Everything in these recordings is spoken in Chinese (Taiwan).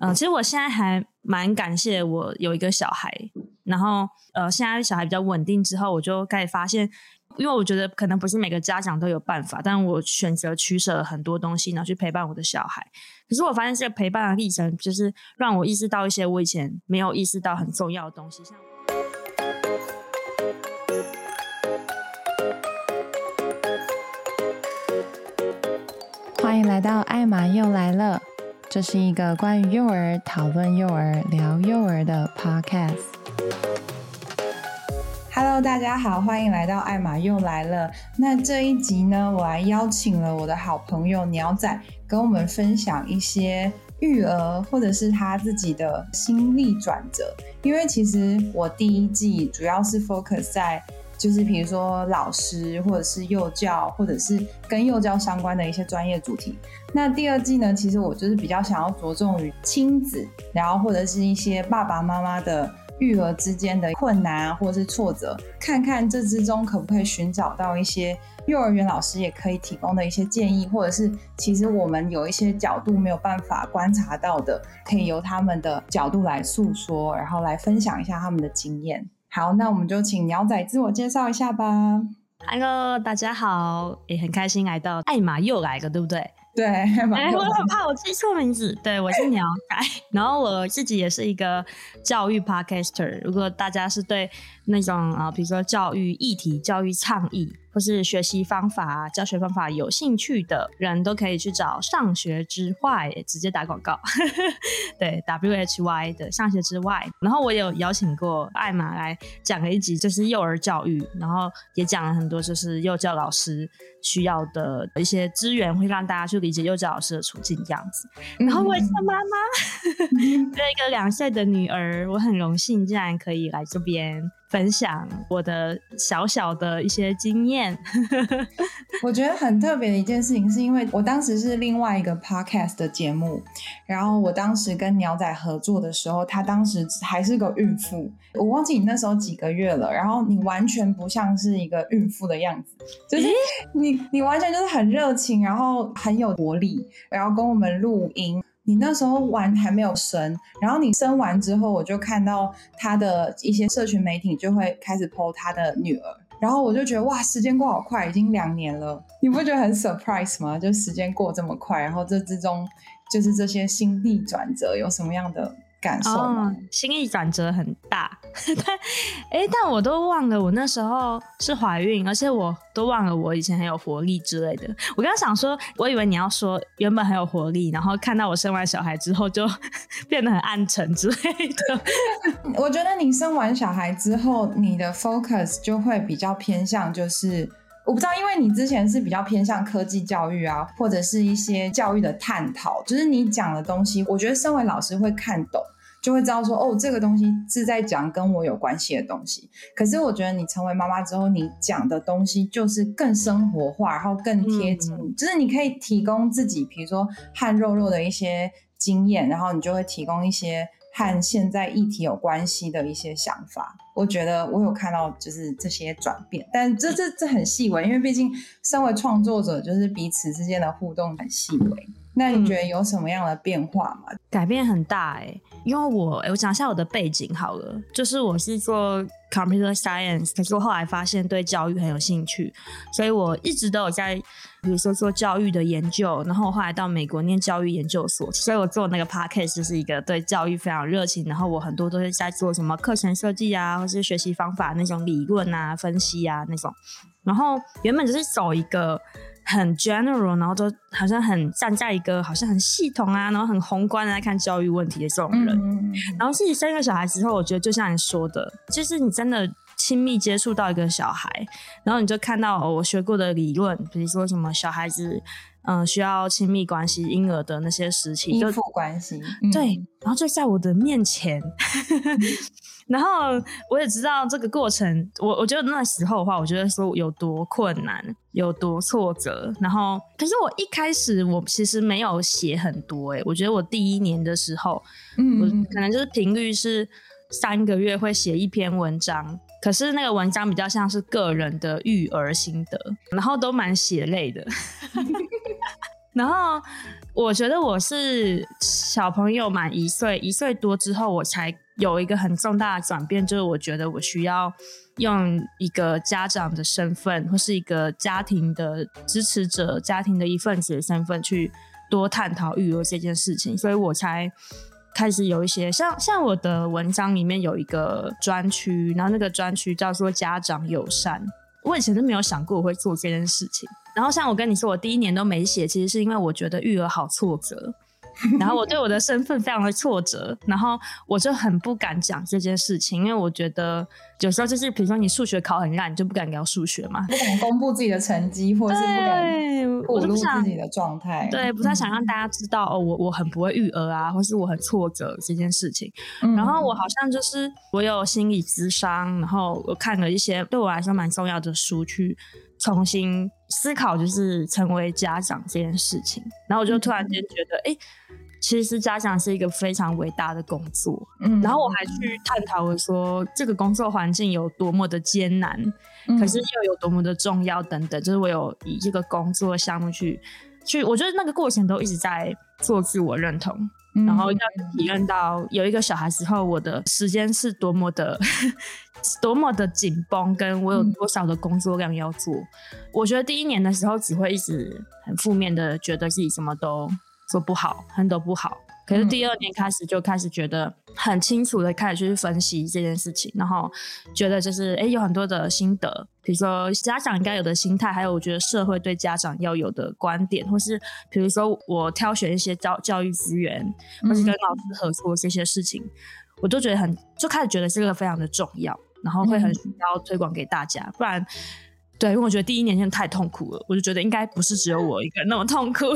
嗯、呃，其實我現在還蠻感謝我有一個小孩，然後呃，現在小孩比較穩定之後，我就開始發現，因為我覺得可能不是每個家長都有辦法，但我選擇取捨了很多東西，然後去陪伴我的小孩。可是我發現這個陪伴的歷程，就是讓我意識到一些我以前沒有意識到很重要的東西。像，歡迎來到艾瑪又來了。這是一個關於幼兒、討論幼兒、聊幼兒的 podcast。Hello，大家好，歡迎來到艾瑪又來了。那這一集呢，我來邀請了我的好朋友鳥仔，跟我們分享一些育兒，或者是他自己的心理轉折。因為其實我第一季主要是 focus 在。就是譬如說老師，或者是幼教，或者是跟幼教相關的一些專業主題。那第二季呢，其實我就是比較想要着重於親子，然後或者是一些爸爸媽媽的育兒之間的困難啊，或者是挫折，看看這之中可不可以尋找到一些幼兒園老師也可以提供的一些建議，或者是其實我們有一些角度沒有辦法觀察到的，可以由他們的角度來述說，然後來分享一下他們的經驗。好，那我們就請鳥仔自我介紹一下吧。Hello，大家好，也很開心來到艾瑪又來了，對不對？對，艾瑪又來。欸。我很怕我記錯名字，對，我是鳥仔。 然後我自己也是一個教育 podcaster，如果大家是對那種啊，比如說教育議題、教育倡議。就是學習方法、教學方法有興趣的人都可以去找上學之 Why 直接打廣告，呵呵對，WHY 的上學之 Why。然後我有邀請過艾瑪來講了一集，就是幼兒教育，然後也講了很多就是幼教老師需要的一些資源，會讓大家去理解幼教老師的處境這樣子。然後我也是個媽媽，有、嗯嗯、 一個兩歲的女兒，我很榮幸竟然可以來這邊。分享我的小小的一些經驗，我覺得很特別的一件事情，是因為我當時是另外一個 podcast 的節目，然後我當時跟鳥仔合作的時候，他當時還是個孕婦，我忘記你那時候幾個月了，然後你完全不像是一個孕婦的樣子，就是你你完全就是很熱情，然後很有活力，然後跟我們錄音。你那時候完還沒有生，然後你生完之後，我就看到他的一些社群媒體就會開始 po 他的女兒，然後我就覺得哇，時間過好快，已經兩年了，你不覺得很 surprise 嗎？就時間過這麼快，然後這之中就是這些心力轉折有什麼樣的？感受嗎？哦、心意轉折很大，但、欸、但我都忘了我那時候是懷孕，而且我都忘了我以前很有活力之類的。我剛想說，我以為你要說原本很有活力，然後看到我生完小孩之後就變得很暗沉之類的。 我覺得你生完小孩之後，你的 focus 就會比較偏向就是。我不知道，因為你之前是比較偏向科技教育啊，或者是一些教育的探討，就是你講的東西，我覺得身為老師會看懂，就會知道說，哦，這個東西是在講跟我有關係的東西。可是我覺得你成為媽媽之後，你講的東西就是更生活化，然後更貼近，嗯，就是你可以提供自己，比如說和肉肉的一些經驗，然後你就會提供一些。看現在議題有關係的一些想法，我覺得我有看到就是這些轉變，但這這這很細微，因為畢竟身為創作者，就是彼此之間的互動很細微。那你覺得有什麼樣的變化嗎？嗯、改變很大哎、欸，因為我、欸、我講一下我的背景好了，就是我是做 computer science，可是我後來發現對教育很有興趣，所以我一直都有在比如說做教育的研究，然後我後來到美國念教育研究所，所以我做那個 podcast 是一個對教育非常熱情，然後我很多都是在做什麼課程設計啊，或是學習方法那種理論啊、分析啊那種，然後原本只是走一個。很 general，然後就好像很站在一個好像很系統啊，然後很宏觀的在看教育問題的這種人，嗯嗯嗯，然後自己生一個小孩之後，我覺得就像你說的，就是你真的親密接觸到一個小孩，然後你就看到、哦、我學過的理論，比如說什麼小孩子。嗯，需要親密關係，嬰兒的那些事情，依附關係，嗯、對。然後就在我的面前，嗯、 然後我也知道這個過程，我我覺得那時候的話，我覺得說有多困難，有多挫折。然後，可是我一開始我其實沒有寫很多、欸，哎，我覺得我第一年的時候，嗯，嗯，可能就是頻率是三個月會寫一篇文章，可是那個文章比較像是個人的育兒心得，然後都蠻血淚的。嗯 然後，我覺得我是小朋友滿一歲、一歲多之後，我才有一個很重大的轉變，就是我覺得我需要用一個家長的身份，或是一個家庭的支持者、家庭的一份子的身份，去多探討育兒這件事情，所以我才開始有一些像像我的文章裡面有一個專區，然後那個專區叫做“家長友善”，我以前都沒有想過我會做這件事情。然後像我跟你說，我第一年都沒寫，其實是因為我覺得育兒好挫折， 然後我對我的身份非常的挫折，然後我就很不敢講這件事情，因為我覺得。有時候就是，比如說你數學考很爛，你就不敢聊數學嘛，不敢公布自己的成績， 對或者是不敢公布自己的狀態。對，不太想讓大家知道哦，我我很不會育兒啊，或是我很挫折這件事情。嗯、然後我好像就是我有心理諮商，然後我看了一些對我來說蠻重要的書，去重新思考就是成為家長這件事情。然後我就突然間覺得，哎、欸。其實家長是一個非常偉大的工作，嗯，然後我還去探討了說、嗯、這個工作環境有多麼的艱難，嗯、可是又有多麼的重要等等，就是我有以這個工作項目去去，我覺得那個過程都一直在做自我認同，嗯、然後要體驗到有一個小孩之後，我的時間是多麼的 多麼的緊繃，跟我有多少的工作量要做。嗯、我覺得第一年的時候只會一直很負面的覺得自己什麼都。說不好，很多不好。可是第二年開始就開始覺得很清楚的開始去分析這件事情，嗯、然後覺得就是誒，有很多的心得，比如說家長應該有的心態，還有我覺得社會對家長要有的觀點，或是比如說我挑選一些教教育資源，或是跟老師合作這些事情，嗯、我都覺得很就開始覺得這個非常的重要，然後會很需要推廣給大家，不然。對，因為我覺得第一年真的太痛苦了，我就覺得應該不是只有我一個人那麼痛苦。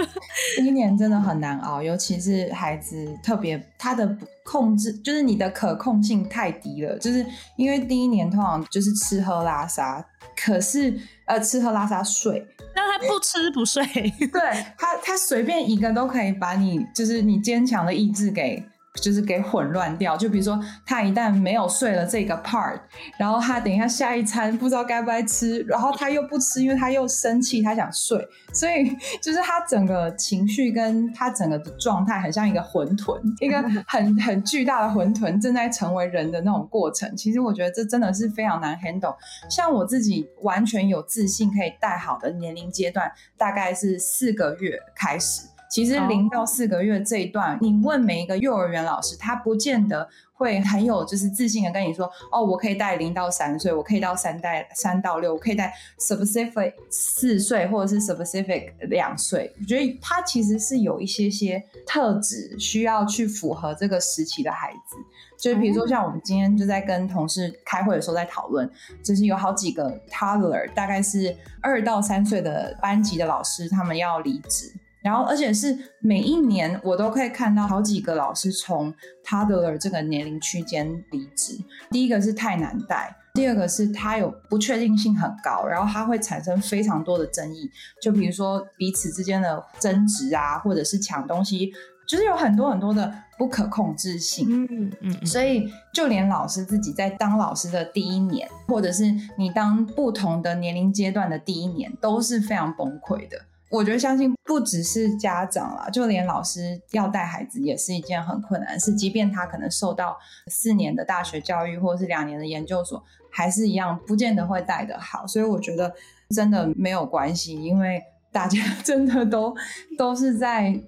第一年真的很難熬，尤其是孩子特別，他的控制就是你的可控性太低了，就是因為第一年通常就是吃喝拉撒，可是呃吃喝拉撒睡，那他不吃不睡， 對，他他隨便一個都可以把你，就是你堅強的意志給。就是給混亂掉，就比如說他一旦沒有睡了這個 part，然後他等一下下一餐不知道該不該吃，然後他又不吃，因為他又生氣，他想睡，所以就是他整個情緒跟他整個的狀態很像一個混沌，一個很很巨大的混沌正在成為人的那種過程。其實我覺得這真的是非常難 handle，像我自己完全有自信可以帶好的年齡階段，大概是四個月開始。其實零到四個月這一段，oh. 你問每一個幼兒園老師，他不見得會很有就是自信的跟你說，哦，我可以帶零到三歲，我可以到三帶三到六，我可以帶 specific 四歲或者是 specific 兩歲。我覺得他其實是有一些些特質需要去符合這個時期的孩子，就是比如說像我們今天就在跟同事開會的時候在討論，就是有好幾個 toddler，大概是二到三歲的班級的老師，他們要離職。然後，而且是每一年我都可以看到好幾個老師從他的這個年齡區間離職。第一個是太難帶，第二個是他有不確定性很高，然後他會產生非常多的爭議，就比如說彼此之間的爭執啊，或者是搶東西，就是有很多很多的不可控制性。嗯嗯。嗯嗯，所以，就連老師自己在當老師的第一年，或者是你當不同的年齡階段的第一年，都是非常崩潰的。我覺得相信不只是家長啦，就連老師要帶孩子也是一件很困難的事。即便他可能受到四年的大學教育或是兩年的研究所，還是一樣，不見得會帶得好。所以我覺得真的沒有關係，因為大家真的都都是在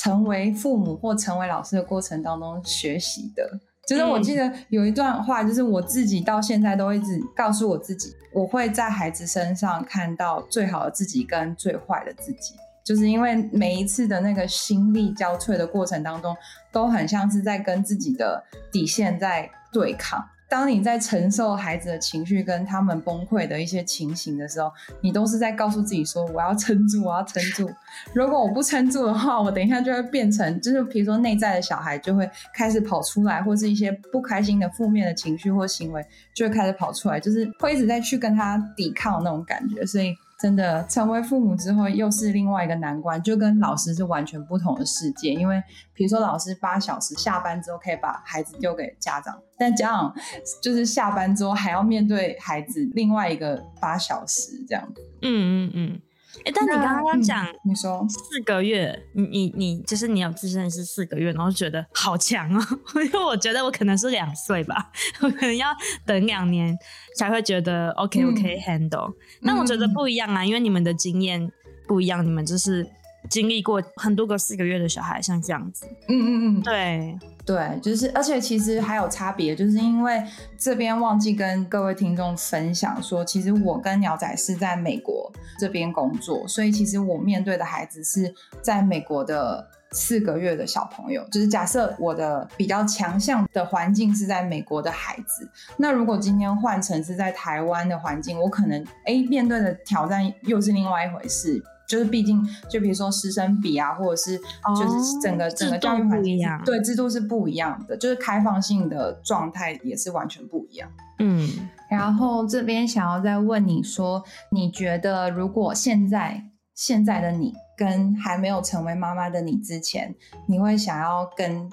成為父母或成為老師的過程當中學習的。就是我記得有一段話，嗯，就是我自己到現在都一直告訴我自己，我會在孩子身上看到最好的自己跟最壞的自己，就是因為每一次的那個心力交瘁的過程當中，都很像是在跟自己的底線在對抗。當你在承受孩子的情緒跟他們崩潰的一些情形的時候，你都是在告訴自己說：“我要撐住，我要撐住。”如果我不撐住的話，我等一下就會變成，就是比如說內在的小孩就會開始跑出來，或是一些不開心的負面的情緒或行為就會開始跑出來，就是會一直在去跟他抵抗那種感覺，所以。真的成為父母之後，又是另外一個難關，就跟老師是完全不同的世界。因為，比如說老師八小時下班之後可以把孩子丟給家長，但家長就是下班之後還要面對孩子另外一個八小時這樣。嗯嗯嗯。嗯嗯。誒，但你剛剛講，嗯、你說四個月，你你你，就是你有自信是四個月，然後覺得好強啊、哦，因 為我覺得我可能是兩歲吧，我可能要等兩年才會覺得 OK、嗯、OK handle。但我覺得不一樣啊，嗯、因為你們的經驗不一樣，你們就是。經歷過很多個四個月的小孩，像這樣子，嗯嗯嗯對，對對，就是，而且其實還有差別，就是因為這邊忘記跟各位聽眾分享說，其實我跟鳥仔是在美國這邊工作，所以其實我面對的孩子是在美國的四個月的小朋友，就是假設我的比較強項的環境是在美國的孩子，那如果今天換成是在台灣的環境，我可能哎，面對的挑戰又是另外一回事。就是畢竟，就比如說師生比啊，或者是就是整個、哦、整個教育環境，制對制度是不一樣的，就是開放性的狀態也是完全不一樣。嗯，然後這邊想要再問你說，你覺得如果現在現在的你跟還沒有成為媽媽的你之前，你會想要跟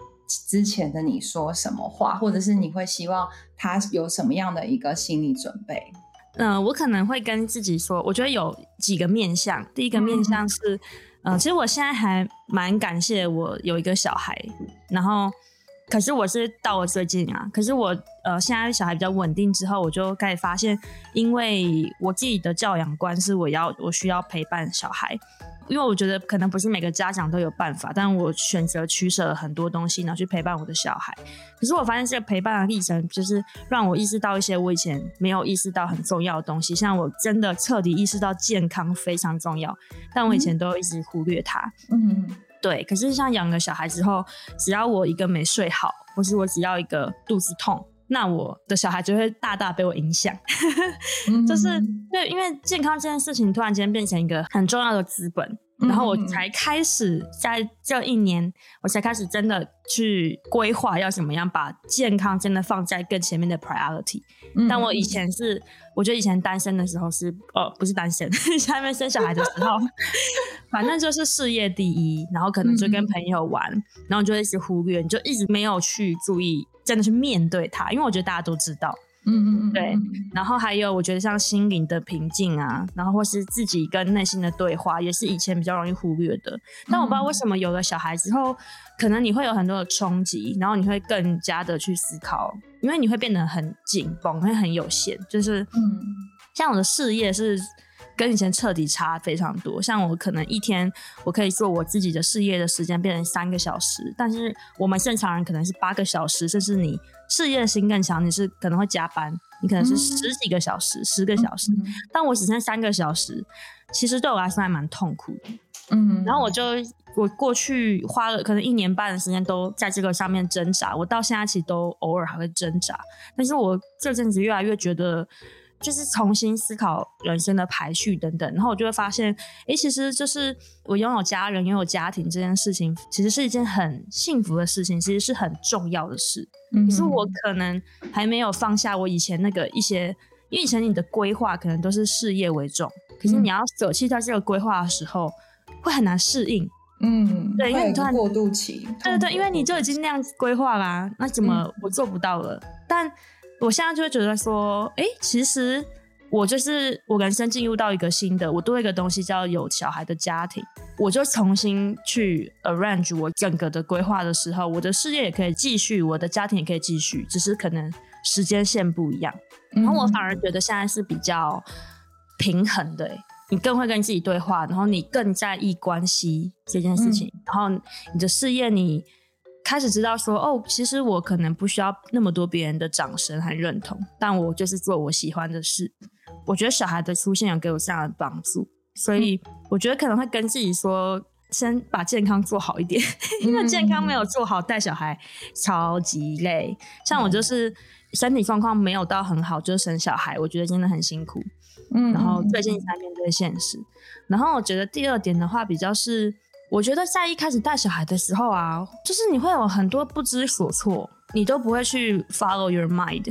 之前的你說什麼話，或者是你會希望他有什麼樣的一個心理準備？嗯、呃，我可能會跟自己說，我覺得有幾個面向。第一個面向是，嗯、呃，其實我現在還蠻感謝我有一個小孩。然後，可是我是到了最近啊，可是我呃現在小孩比較穩定之後，我就開始發現，因為我自己的教養觀是我要，我需要陪伴小孩。因為我覺得可能不是每個家長都有辦法，但我選擇取舍了很多東西，然後去陪伴我的小孩。可是我發現這個陪伴的歷程，就是讓我意識到一些我以前沒有意識到很重要的東西，像我真的徹底意識到健康非常重要，但我以前都一直忽略它。嗯，對。可是像養了小孩之後，只要我一個沒睡好，或是我只要一個肚子痛。那我的小孩就會大大被我影響。 就是對，因為健康這件事情突然間變成一個很重要的資本，嗯嗯，然後我才開始在這一年，我才開始真的去規劃要怎麼樣把健康真的放在更前面的 priority。嗯嗯，但我以前是，我覺得以前單身的時候是，哦，不是單身，嗯嗯，下面生小孩的時候， 反正就是事業第一，然後可能就跟朋友玩，嗯嗯，然後就一直忽略，你就一直沒有去注意。真的去面對他，因為我覺得大家都知道，嗯嗯、嗯嗯，對。然後還有，我覺得像心靈的平靜啊，然後或是自己跟內心的對話，也是以前比較容易忽略的。但我不知道為什麼有了小孩之後，嗯嗯可能你會有很多的衝擊，然後你會更加的去思考，因為你會變得很緊繃，會很有限。就是，嗯，像我的事業是。跟以前徹底差非常多，像我可能一天，我可以做我自己的事業的時間變成三個小時，但是我們正常人可能是八個小時，甚至你事業心更強，你是可能會加班，你可能是十幾個小時、嗯、十個小時，嗯、但我只剩三個小時，其實對我來說還蠻痛苦的。嗯，然後我就我過去花了可能一年半的時間都在這個上面掙扎，我到現在其實都偶爾還會掙扎，但是我這陣子越來越覺得。就是重新思考人生的排序等等，然後我就會發現，哎、欸，其實就是我擁有家人、擁有家庭這件事情，其實是一件很幸福的事情，其實是很重要的事。嗯、哼可是我可能還沒有放下我以前那個一些，因為以前你的規劃可能都是事業為重，嗯、可是你要捨棄掉這個規劃的時候，會很難適應。嗯，對，因為你突然過渡期。對對對，因為你就已經那樣規劃啦，那怎麼我做不到了？嗯、但我現在就會覺得說，哎、欸，其實我就是我人生進入到一個新的，我多一個東西叫有小孩的家庭，我就重新去 arrange 我整個的規劃的時候，我的事業也可以繼續，我的家庭也可以繼續，只是可能時間線不一樣。然後我反而覺得現在是比較平衡的、欸，你更會跟自己對話，然後你更在意關係這件事情，嗯、然後你的事業你。開始知道說哦，其實我可能不需要那麼多別人的掌聲和認同，但我就是做我喜歡的事。我覺得小孩的出現有給我這樣的幫助，所以我覺得可能會跟自己說，先把健康做好一點，嗯、因為健康沒有做好，帶小孩超級累。像我就是身體狀況沒有到很好、嗯、就生小孩，我覺得真的很辛苦。嗯、嗯，然後最近才面對現實，然後我覺得第二點的話比較是。我覺得在一開始帶小孩的時候啊，就是你會有很多不知所措，你都不會去 follow your mind。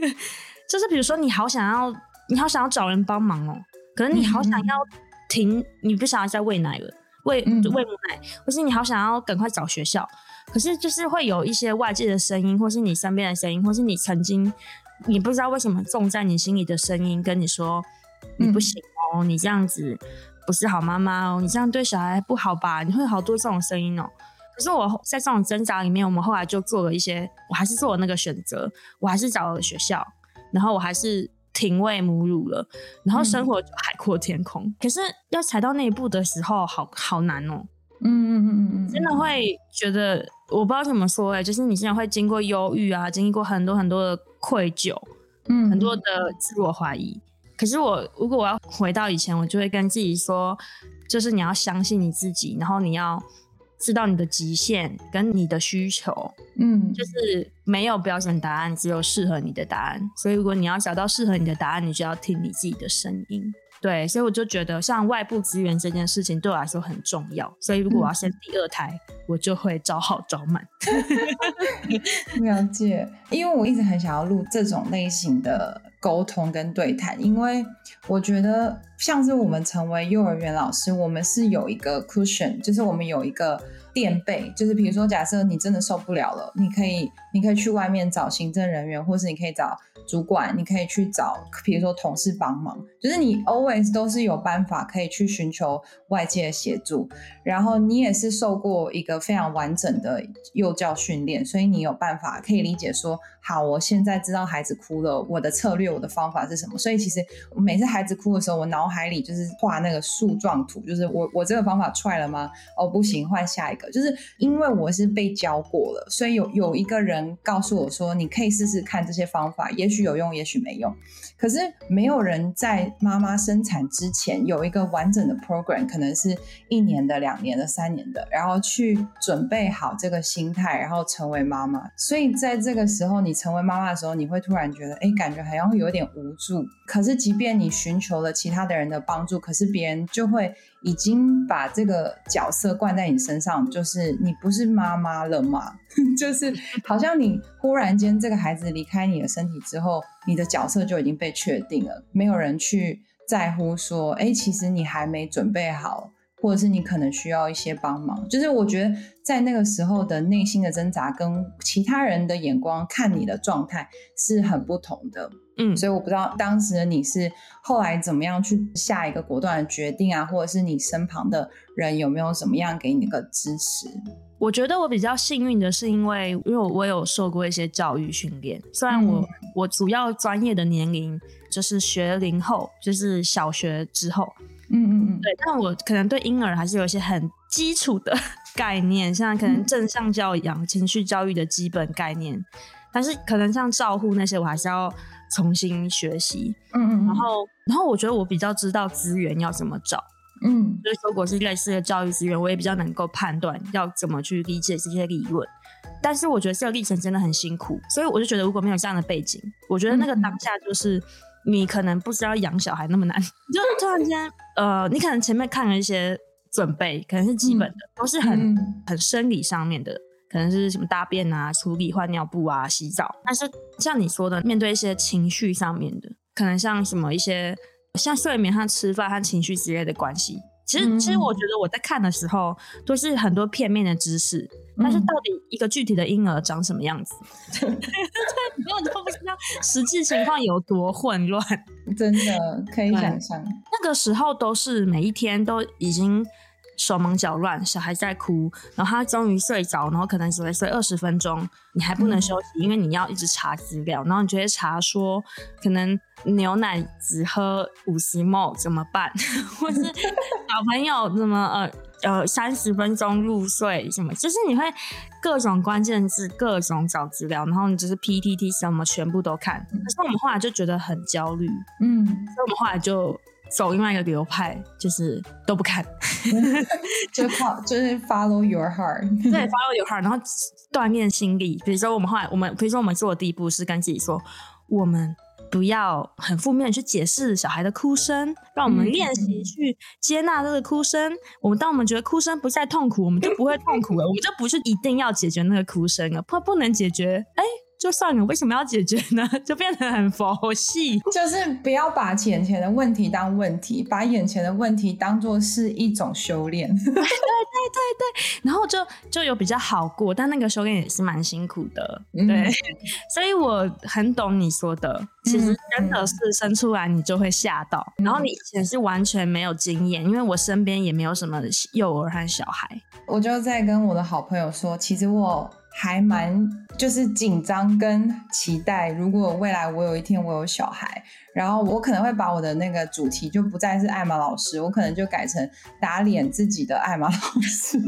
就是比如說，你好想要，你好想要找人幫忙哦，可能你好想要停，你不想要再餵奶了，餵餵母奶，嗯嗯、或是你好想要趕快找學校，可是就是會有一些外界的聲音，或是你身邊的聲音，或是你曾經你不知道為什麼種在你心裡的聲音，跟你說你不行哦，嗯、你這樣子不是好媽媽哦，你這樣對小孩不好吧？你會有好多這種聲音哦、喔。可是我在這種掙扎裡面，我們後來就做了一些，我還是做了那個選擇，我還是找了學校，然後我還是停餵母乳了，然後生活就海闊天空。嗯、可是要踩到那一步的時候好，好好難哦、喔。嗯嗯嗯嗯，真的會覺得，我不知道怎麼說哎、欸，就是你現在會經過憂鬱啊，經歷過很多很多的愧疚，嗯，很多的自我懷疑。嗯嗯可是我如果我要回到以前，我就會跟自己說，就是你要相信你自己，然後你要知道你的極限跟你的需求，嗯，就是沒有標準答案，只有適合你的答案。所以如果你要找到適合你的答案，你就要聽你自己的聲音。對，所以我就覺得像外部資源這件事情對我來說很重要。所以如果我要生第二胎，嗯、我就會找好找滿。 了解，因為我一直很想要錄這種類型的，溝通跟對談，因為我覺得像是我們成為幼兒園老師，我們是有一個 cushion，就是我們有一個墊背，就是比如說假設你真的受不了了，你可以你可以去外面找行政人員，或是你可以找主管，你可以去找比如說同事幫忙。就是你 always 都是有辦法可以去尋求外界的協助，然後你也是受過一個非常完整的幼教訓練，所以你有辦法可以理解說，好，我現在知道孩子哭了，我的策略、我的方法是什麼？所以其實每次孩子哭的時候，我腦海裡就是畫那個樹狀圖，就是我我這個方法 try 了嗎？哦，不行，換下一個。就是因為我是被教過了，所以有有一個人告訴我說，你可以試試看這些方法，也許有用，也許沒用。可是沒有人在。媽媽生產之前有一個完整的 program，可能是一年的、兩年的、三年的，然後去準備好這個心態，然後成為媽媽。所以在這個時候，你成為媽媽的時候，你會突然覺得，哎，感覺好像有點無助。可是，即便你尋求了其他的人的幫助，可是別人就會。已經把這個角色灌在你身上，就是你不是媽媽了嘛，就是好像你忽然間這個孩子離開你的身體之後，你的角色就已經被確定了，沒有人去在乎說，哎，其實你還沒準備好，或者是你可能需要一些幫忙。就是我覺得在那個時候的內心的掙扎，跟其他人的眼光看你的狀態是很不同的。嗯，所以我不知道當時的你是後來怎麼樣去下一個果斷的決定啊，或者是你身旁的人有沒有怎麼樣給你一個支持？我覺得我比較幸運的是，因為因為我我有受過一些教育訓練，雖然我、嗯、我主要專業的年齡就是學齡後，就是小學之後，嗯嗯嗯，對，但我可能對嬰兒還是有一些很基礎的概念，像可能正向教養、嗯、情緒教育的基本概念，但是可能像照護那些，我還是要。重新學習，嗯嗯，然後，然後我覺得我比較知道資源要怎麼找，嗯，就是如果是類似的教育資源，我也比較能夠判斷要怎麼去理解這些理論。但是我覺得這個歷程真的很辛苦，所以我就覺得如果沒有這樣的背景，我覺得那個當下就是、嗯、你可能不知道養小孩那麼難，就突然間， 呃，你可能前面看了一些準備，可能是基本的，嗯、都是很、嗯、很生理上面的。可能是什麼大便啊、處理換尿布啊、洗澡，但是像你說的，面對一些情緒上面的，可能像什麼一些，像睡眠和吃飯和情緒之類的關係。其實，嗯、其實我覺得我在看的時候都是很多片面的知識，嗯、但是到底一個具體的嬰兒長什麼樣子，根、嗯、 不知道實際情況有多混亂， 真的可以想象，那個時候都是每一天都已經。手忙腳亂，小孩在哭，然後他終於睡着，然後可能只會睡二十分鐘，你還不能休息，嗯、因為你要一直查資料，然後你就會查說，可能牛奶只喝五十 ml 怎麼辦， 或是小朋友怎麼呃呃三十分鐘入睡什麼，就是你會各種關鍵字，各種找資料，然後你就是 PTT 什麼全部都看，可是我們後來就覺得很焦慮，嗯，所以我們後來就。走另外一個流派，就是都不看， 就靠就是 follow your heart， 對 follow your heart，然後鍛鍊心理。比如說我們後來，我們比如說我們做的第一步是跟自己說，我們不要很負面去解釋小孩的哭聲，讓我們練習去接納這個哭聲。我們、嗯嗯、當我們覺得哭聲不再痛苦，我們就不會痛苦了。 我們就不是一定要解決那個哭聲了，不不能解決，哎。就算你為什麼要解決呢？就變得很佛系，就是不要把眼前的問題當問題，把眼前的問題當做是一種修煉。 對對對對，然後就就有比較好過，但那個修煉也是蠻辛苦的。嗯、對，所以我很懂你說的，其實真的是生出來你就會嚇到，嗯嗯然後你以前是完全沒有經驗，因為我身邊也沒有什麼幼兒和小孩，我就在跟我的好朋友說，其實我、嗯。還蠻就是緊張跟期待，如果未來我有一天我有小孩。然後我可能會把我的那個主題就不再是艾瑪老師，我可能就改成打臉自己的艾瑪老師，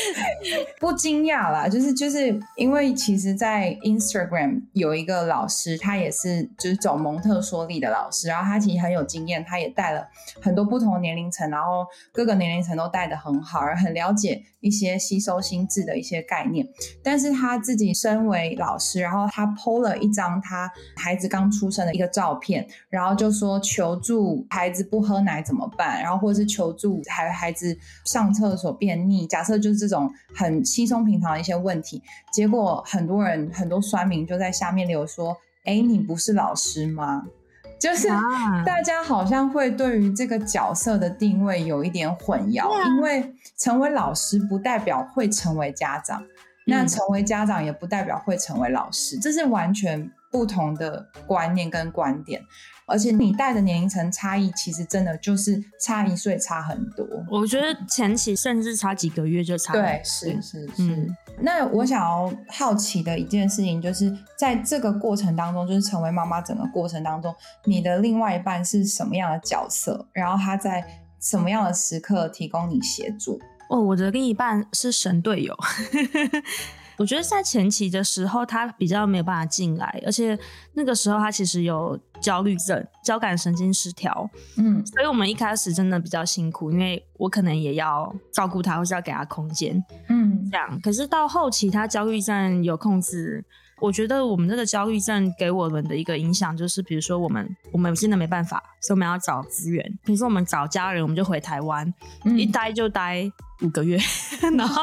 不驚訝啦，就是就是因為其實，在 Instagram 有一個老師，他也是就是走蒙特梭利的老師，然後他其實很有經驗，他也帶了很多不同年齡層，然後各個年齡層都帶得很好，而很了解一些吸收心智的一些概念。但是他自己身為老師，然後他 po 了一張他孩子剛出生的一個照片。然後就說，求助孩子不喝奶怎麼辦，然後或者是求助孩孩子上廁所便秘。假設就是這種很稀鬆平常的一些問題，結果很多人很多酸民就在下面留言說：“誒，你不是老師嗎？”就是、啊、大家好像會對於這個角色的定位有一點混淆，啊、因為成為老師不代表會成為家長，嗯、那成為家長也不代表會成為老師，這是完全。不同的觀念跟觀點，而且你帶的年齡層差異，其實真的就是差一歲差很多。我覺得前期甚至差幾個月就差。對，是是是。是是嗯。那我想要好奇的一件事情，就是在這個過程當中，就是成為媽媽整個過程當中，你的另外一半是什麼樣的角色？然後他在什麼樣的時刻提供你協助？哦，我的另一半是神隊友。 我覺得在前期的時候，他比較沒有辦法進來，而且那個時候他其實有焦慮症、交感神經失調，嗯，所以我們一開始真的比較辛苦，因為我可能也要照顧他，或是要給他空間，嗯，這樣。可是到後期，他焦慮症有控制。我覺得我們這個焦慮症給我們的一個影響，就是比如說我們我們現在沒辦法，所以我們要找資源。比如說我們找家人，我們就回台灣，嗯、一待就待五個月，嗯、然後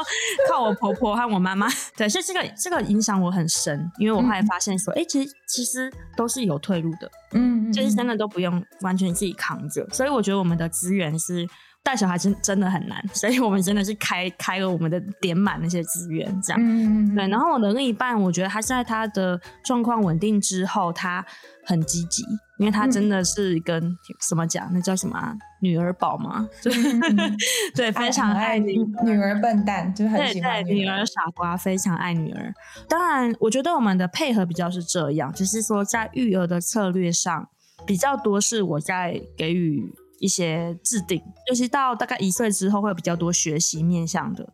靠我婆婆和我媽媽。對，所以這個這個影響我很深，因為我後來發現說，哎、嗯欸，其實其實都是有退路的，嗯，嗯，嗯，就是真的都不用完全自己扛着。所以我覺得我們的資源是。帶小孩真真的很難，所以我們真的是開開了我們的點滿那些資源，這樣。嗯，嗯嗯。對，然後我的另一半，我覺得他現在他的狀況穩定之後，他很積極，因為他真的是跟怎、嗯、麼講，那叫什麼啊？女兒寶嘛，嗯嗯嗯 對，對愛，非常愛女兒，女兒笨蛋，就很喜歡女兒，對女兒傻瓜，非常愛女兒。當然，我覺得我們的配合比較是這樣，只、就是說在育兒的策略上，比較多是我在給予。一些制定，尤其到大概一歲之後，會比較多學習面向的。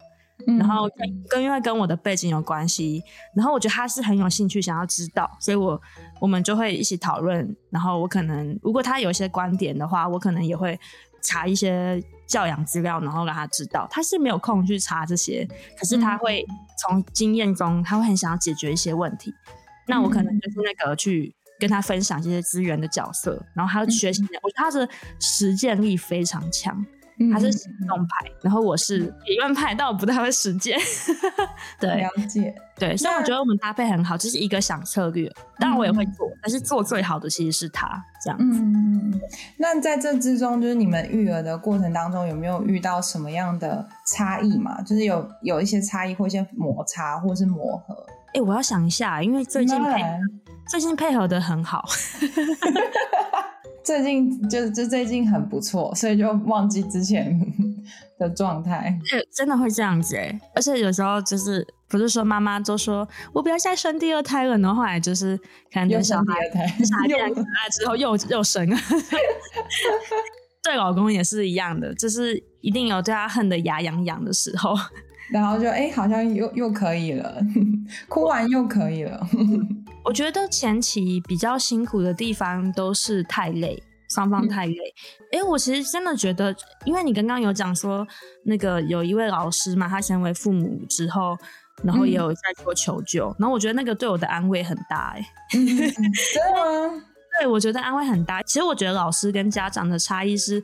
嗯、然後跟因為跟我的背景有關係，然後我覺得他是很有興趣想要知道，所以我、嗯、我們就會一起討論。然後我可能如果他有一些觀點的話，我可能也會查一些教養資料，然後讓他知道。他是沒有空去查這些，可是他會從經驗中，他會很想要解決一些問題。嗯、那我可能就是那個去。跟他分享這些資源的角色，然後他學習，嗯、我覺得他的實踐力非常強，嗯、他是行動派，嗯、然後我是理論派，但我不太會實踐。 對，了解，對，所以那我覺得我們搭配很好，這、就是一個想策略，當然我也會做，嗯、但是做最好的其實是他這樣子。嗯、那在這之中，就是你們育兒的過程當中，有沒有遇到什麼樣的差異嘛？就是有有一些差異或一些摩擦，或是磨合？哎、欸，我要想一下，因為最近。最近配合的很好 ， 最近就就最近很不錯，所以就忘記之前的狀態。真的會這樣子哎、欸！而且有時候就是，不是說媽媽都說我不要再生第二胎了，然後後來就是可能又生第二胎，生完第二胎之後又又，又生了。 對老公也是一樣的，就是一定有對他恨得牙癢癢的時候，然後就哎、欸，好像又又可以了， 哭完又可以了。 我覺得前期比較辛苦的地方都是太累，雙方太累。哎、嗯欸，我其實真的覺得，因為你剛剛有講說那個有一位老師嘛，他成為父母之後，然後也有在做求救，嗯、然後我覺得那個對我的安慰很大、欸，哎、嗯，對嗎、啊？ 對，我覺得安慰很大。其實我覺得老師跟家長的差異是，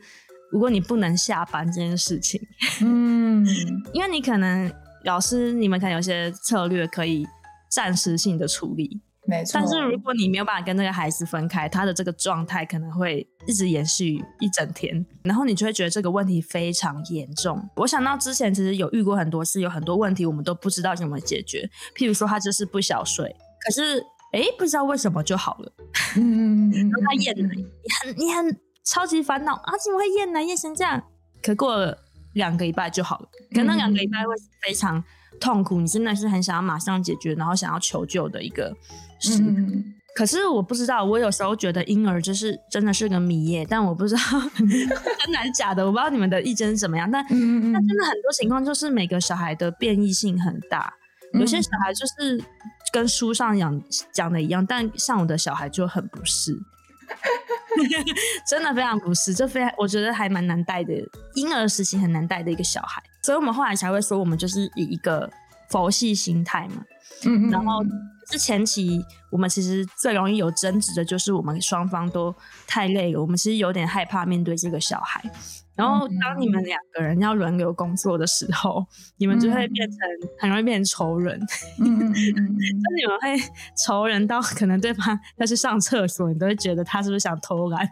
如果你不能下班這件事情， 嗯，因為你可能老師你們可能有些策略可以暫時性的處理。沒錯，但是如果你沒有辦法跟那個孩子分開，他的這個狀態可能會一直延續一整天，然後你就會覺得這個問題非常嚴重。我想到之前其實有遇過很多事，有很多問題我們都不知道怎麼解決。譬如說他就是不想睡，可是哎、欸，不知道為什麼就好了。嗯嗯嗯 然後他厭奶你，你很你很超級煩惱啊，怎麼會厭奶厭成這樣，可過了兩個禮拜就好了。嗯嗯可那兩個禮拜會非常痛苦，你真的是很想要馬上解決，然後想要求救的一個。嗯，嗯，嗯，可是我不知道，我有時候覺得嬰兒就是真的是個謎耶，但我不知道。嗯嗯嗯 真的還是假的，我不知道你們的意見是怎麼樣？但嗯嗯嗯，但真的很多情況就是每個小孩的變異性很大，有些小孩就是跟書上講講的一樣，但像我的小孩就很不是 真的非常不是，就非我覺得還蠻難帶的，嬰兒時期很難帶的一個小孩。所以，我們後來才會說，我們就是以一個佛系心態嘛。嗯嗯嗯然後。之前期我們其實最容易有爭執的就是我們雙方都太累了，我們其實有點害怕面對這個小孩。然後當你們兩個人要輪流工作的時候，你們就會變成很容易變成仇人，就你們會仇人到可能對方要去上廁所，你都會覺得他是不是想偷懶。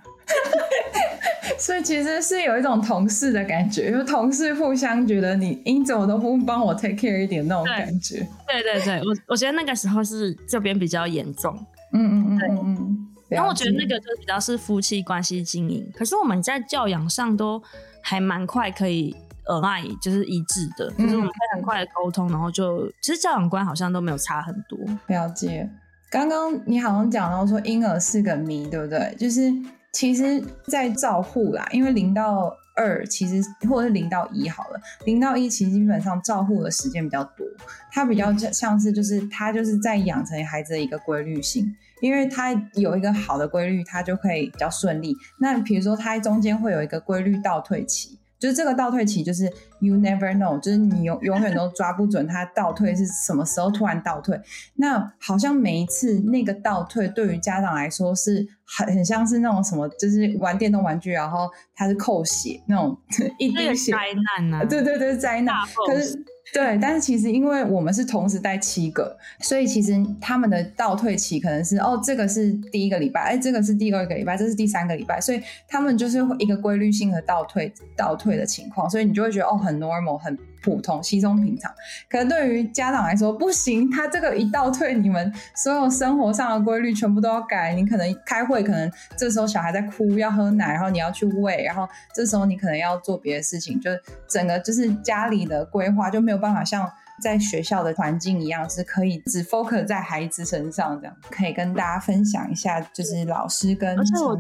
所以其實是有一種同事的感覺，因同事互相覺得你你怎麼都不幫我 take care 一點對那種感覺。對對對，我我覺得那個時候是這邊比較嚴重。嗯嗯 對嗯嗯嗯。然後我覺得那個就比較是夫妻關係經營，可是我們在教養上都還蠻快可以呃愛就是一致的，就、嗯、是我們會很快的溝通，然後就其實教養觀好像都沒有差很多。了解，剛剛你好像講到說嬰兒是個謎，對不對？就是。其實，在照護啦，因為零到二其實，或者是零到一好了，零到一其實基本上照護的時間比較多，它比較像像是就是它就是在養成孩子的一個規律性，因為它有一個好的規律，它就可以比較順利。那比如說，它中間會有一個規律倒退期。就是這個倒退期，就是 you never know，就是你永永遠都抓不準它倒退是什麼時候突然倒退。那好像每一次那個倒退，對於家長來說，是很很像是那種什麼，就是玩電動玩具，然後它是扣血那種 一滴血，災難啊，對對對，災難。可是對，但是其實因為我們是同時帶七個，所以其實他們的倒退期可能是，哦，這個是第一個禮拜，哎，這個是第二個禮拜，這是第三個禮拜，所以他們就是一個規律性的倒退，倒退的情況，所以你就會覺得哦，很 normal，很。普通稀鬆平常，可能對於家長來說不行。他這個一倒退，你們所有生活上的規律全部都要改。你可能開會，可能這時候小孩在哭要喝奶，然後你要去餵，然後這時候你可能要做別的事情，就整個就是家裡的規劃就沒有辦法像在學校的環境一樣是可以只 focus 在孩子身上。這樣可以跟大家分享一下，就是老師跟成為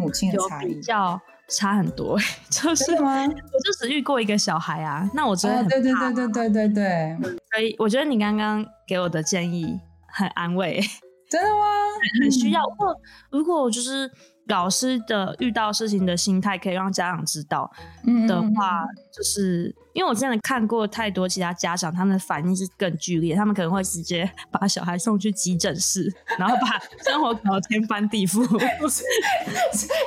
母親的差異。差很多，就是嗎？我就只遇過一個小孩啊，那我真的很怕，哦。對對對對對對對，對，所以我覺得你剛剛給我的建議很安慰，真的嗎？很需要。嗯、如果如果就是。老師的遇到事情的心態可以讓家長知道的話，就是因為我真的看過太多其他家長，他們的反應是更劇烈，他們可能會直接把小孩送去急診室，然後把生活搞得天翻地覆，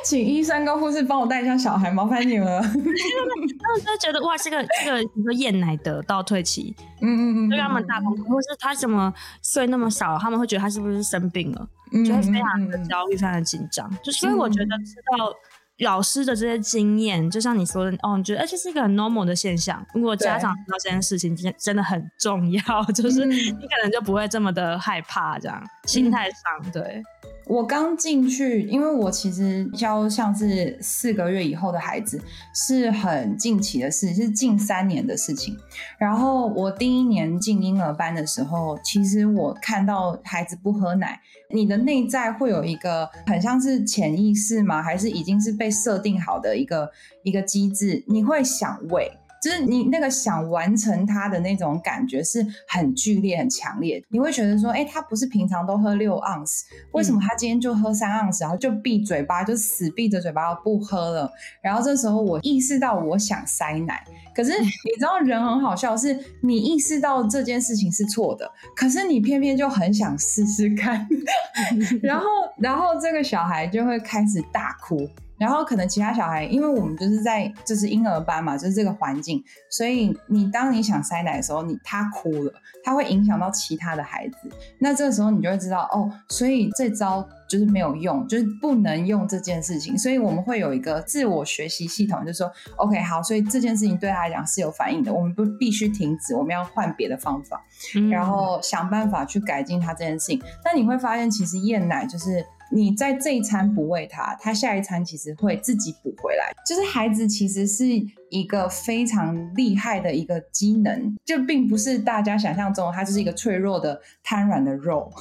請醫生跟護士幫我帶一下小孩，麻煩你們。 因為他們就覺得哇，這個這個什麼厭奶的倒退期，嗯嗯嗯，對他們大崩潰，或是他怎麼睡那麼少，他們會覺得他是不是生病了？嗯、就會非常的焦慮，非常的緊張。嗯、就是，所以我覺得知道老師的這些經驗，嗯、就像你說的，哦，你覺得這、欸就是一個很 normal 的現象。如果家長知道這件事情，真的很重要，對就是你可能就不會這麼的害怕，這樣、嗯、心態上，對。我剛進去，因為我其實教像是四個月以後的孩子是很近期的事，是近三年的事情。然後我第一年進嬰兒班的時候，其實我看到孩子不喝奶，你的內在會有一個很像是潛意識嗎？還是已經是被設定好的一個一個機制？你會想餵？就是你那個想完成他的那種感覺是很劇烈、很強烈，你會覺得說，哎、欸，他不是平常都喝六盎司，為什麼他今天就喝三盎司，然後就閉嘴巴，就死閉着嘴巴不喝了？然後這時候我意識到我想塞奶，可是你知道人很好笑是，是你意識到這件事情是錯的，可是你偏偏就很想試試看， 然後然後這個小孩就會開始大哭。然後可能其他小孩，因為我們就是在就是嬰兒班嘛，就是這個環境，所以你當你想塞奶的時候，你他哭了，他會影響到其他的孩子。那這個時候你就會知道哦，所以這招就是沒有用，就是不能用這件事情。所以我們會有一個自我學習系統，就是說，OK，好，所以這件事情對他來講是有反應的，我們不必須停止，我們要換別的方法，嗯、然後想辦法去改進他這件事情。但你會發現，其實厭奶就是。你在這一餐不餵他，他下一餐其實會自己補回來。就是孩子其實是。一個非常厲害的一個機能，就並不是大家想象中的，它就是一個脆弱的、癱軟的肉。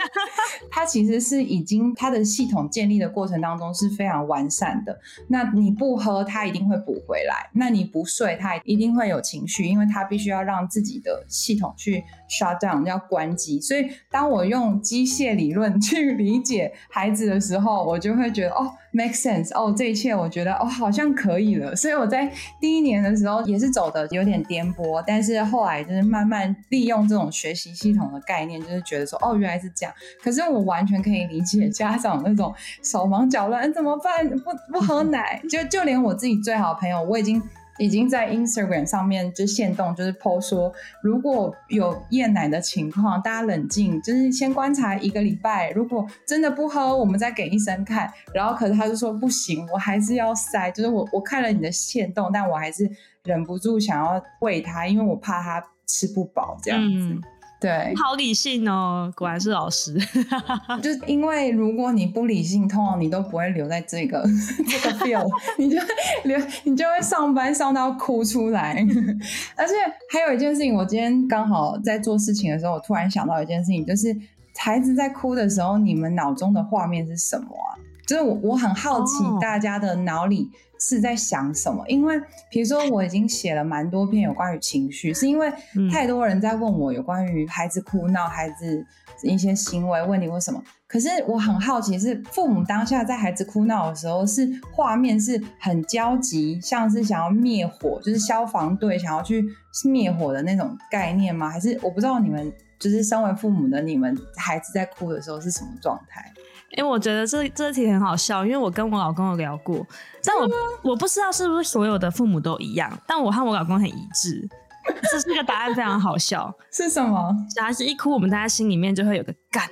它其實是已經它的系統建立的過程當中是非常完善的。那你不喝，它一定會補回來；那你不睡，它一定會有情緒，因為它必須要讓自己的系統去 shut down，要關機。所以，當我用機械理論去理解孩子的時候，我就會覺得哦。make sense 哦，這一切我覺得哦，好像可以了，所以我在第一年的時候也是走的有點顛簸，但是後來就是慢慢利用這種學習系統的概念，就是覺得說哦，原來是這樣，可是我完全可以理解家長那種手忙腳亂怎麼辦不不喝奶，就就連我自己最好的朋友我已經。已經在 Instagram 上面就限動就是 post 說，如果有厭奶的情況，大家冷靜，就是先觀察一個禮拜，如果真的不喝，我們再給醫生看。然後可是他就說不行，我還是要塞，就是我我看了你的限動，但我還是忍不住想要餵他，因為我怕他吃不飽這樣子。嗯對，好理性哦，果然是老師。 就是因為如果你不理性，通常你都不會留在這個這個 feel， 你就留你就會上班上到哭出來。 而且還有一件事情，我今天剛好在做事情的時候，我突然想到一件事情，就是孩子在哭的時候，你們腦中的畫面是什麼啊？所以我，我我很好奇大家的腦裡是在想什麼，oh. 因為比如說我已經寫了蠻多篇有關於情緒，是因為太多人在問我有關於孩子哭鬧、孩子一些行為問題或什麼。可是我很好奇，是父母當下在孩子哭鬧的時候，是畫面是很焦急，像是想要滅火，就是消防隊想要去滅火的那種概念嗎？還是我不知道你們。就是身為父母的你們，孩子在哭的時候是什麼狀態？因為、欸、我覺得這這題很好笑，因為我跟我老公有聊過，嗎但我我不知道是不是所有的父母都一樣，但我和我老公很一致， 這這個答案非常好笑。是什麼？小孩子一哭，我們大家心裡面就會有個幹，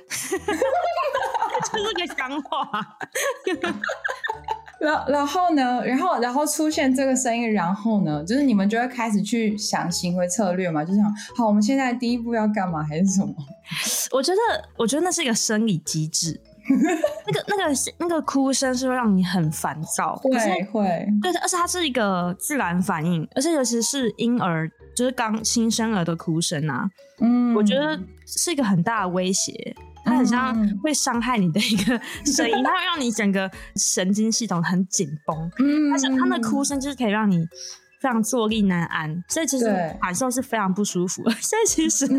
這 是個想法。 然然後呢，然後然後出現這個聲音，然後呢，就是你們就會開始去想行為策略嘛，就想，好，我們現在第一步要幹嘛還是什麼？我覺得，我覺得那是一個生理機製， 那個那個那個哭聲是會讓你很煩躁，會會，可是會對，而且它是一個自然反應，而且尤其是嬰兒，就是剛新生兒的哭聲啊，嗯，我覺得是一個很大的威脅。他很像會傷害你的一個聲音，然後 會讓你整個神經系統很緊繃。嗯，是它他那哭聲就是可以讓你非常坐立難安，所以其實感受是非常不舒服。所以其實